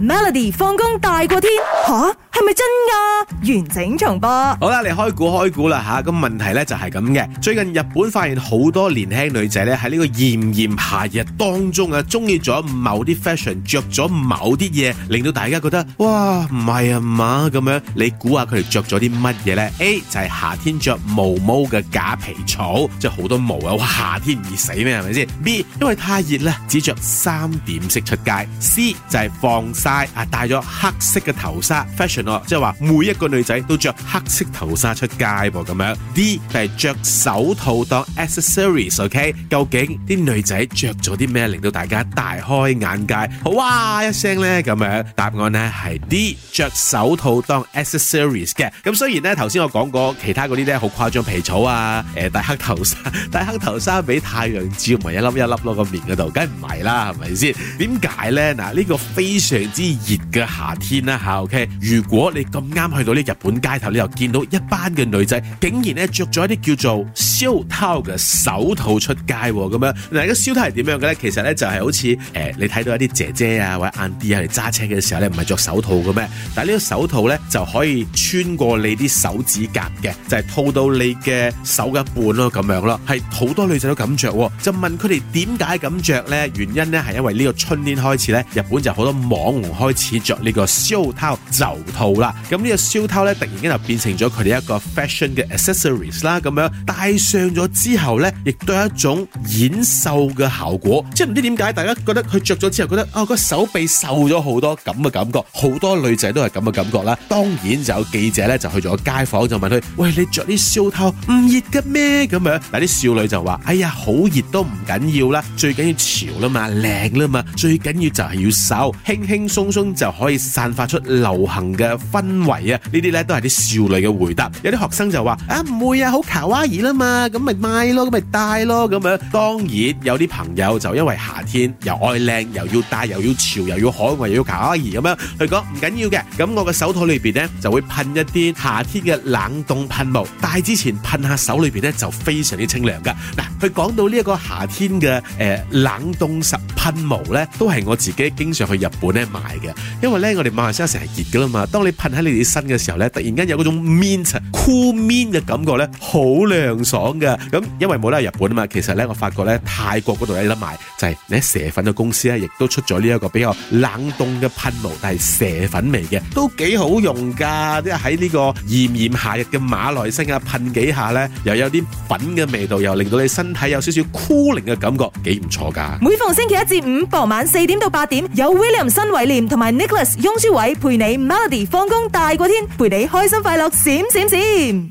Melody 放工大過天吓，係咪真㗎？完整重播好啦，你開估開估啦吓，咁、啊、問題咧就係咁嘅。最近日本發現好多年輕女仔咧喺呢個炎炎夏日當中啊，中意咗某啲 fashion，着咗某啲嘢，令到大家覺得哇唔係啊嘛咁樣。你估下佢哋着咗啲乜嘢咧？A 就係夏天着毛毛嘅假皮草，即係好多毛啊！哇，夏天唔熱死咩？係咪先？B 因為太熱咧，只着三點式出街。C 就係放。戴啊戴咗黑色嘅頭紗，fashion 咯，即係話每一個女仔都着黑色頭紗出街噃咁樣。D 係着手套當 accessories，ok？究竟啲女仔着咗啲咩令到大家大開眼界？好哇一聲咧咁樣，答案咧係 D 着手套當 accessories 嘅。咁雖然咧頭先我講過其他嗰啲咧好誇張皮草啊，誒戴黑頭紗，戴黑頭紗俾太陽照咪一粒一粒咯個面嗰度，梗係唔係啦，係咪先？點解咧？嗱呢個非常。之熱嘅夏天啦，嚇、啊，OK。如果你咁啱去到呢日本街頭，你又見到一班嘅女仔，竟然咧著咗一啲叫做 s h o 燒湯嘅手套出街咁樣。嗱，個燒湯係點樣嘅咧？其實咧就係好似誒、呃，你睇到一啲姐姐啊或者 Auntie 啊嚟揸車嘅時候咧，唔係着手套嘅咩？但係呢個手套咧就可以穿過你啲手指甲嘅，就係、是、套到你嘅手嘅一半咯，咁樣咯，係好多女仔都咁著。就問佢哋點解咁着咧？原因咧係因為呢個春天開始咧，日本就好多網。開始着呢個手套袖套啦，咁呢個手套咧突然間就變成咗佢哋一個 fashion 嘅 accessories 啦，咁樣戴上咗之後咧，亦都有一種顯瘦嘅效果，即係唔知點解大家覺得佢着咗之後覺得啊個手臂瘦咗好多咁嘅感覺，好多女仔都係咁嘅感覺啦。當然就有記者咧就去咗街訪就問佢：，喂，你着啲手套唔熱嘅咩？咁樣嗱，啲少女就話：，哎呀，好熱都唔緊要啦，最緊要潮啦嘛，靚啦嘛，最緊要就係要瘦，輕輕，鬆鬆就可以散發出流行嘅氛圍啊！呢啲呢都係啲少女嘅回答。有啲學生就話：啊唔會啊，好卡哇伊啦嘛，咁咪買咯，咁咪戴咯。咁樣當然有啲朋友就因為夏天又愛靚，又要戴，又要潮，又要可愛，又要卡哇伊咁樣。佢講唔緊要嘅，咁我嘅手套裏邊呢，就會噴一啲夏天嘅冷凍噴霧，戴之前噴下手裏邊呢，就非常之清涼噶。嗱，佢講到呢一個夏天嘅誒、呃、冷凍十。噴霧咧都係我自己經常去日本咧買嘅，因為咧我哋馬來西亞成日熱噶啦嘛，當你噴喺你哋身嘅時候咧，突然間有嗰種 mint cool mint 嘅感覺咧，好涼爽噶。咁因為冇啦，係日本啊嘛，其實咧我發覺咧泰國嗰度有得賣，就係你喺蛇粉嘅公司咧，亦都出咗呢一個比較冷凍嘅噴霧，但係蛇粉味嘅，都幾好用噶。即係喺呢個炎炎夏日嘅馬來西亞噴幾下咧，又有啲粉嘅味道，又令到你身體有少少 cooling 嘅感覺，幾唔錯噶。每逢星期一至五傍晚四點到八點有 William 新偉廉同埋 Nicholas 雍珠偉陪你 Melody 放工大過天，陪你開心快樂閃閃閃。閃閃閃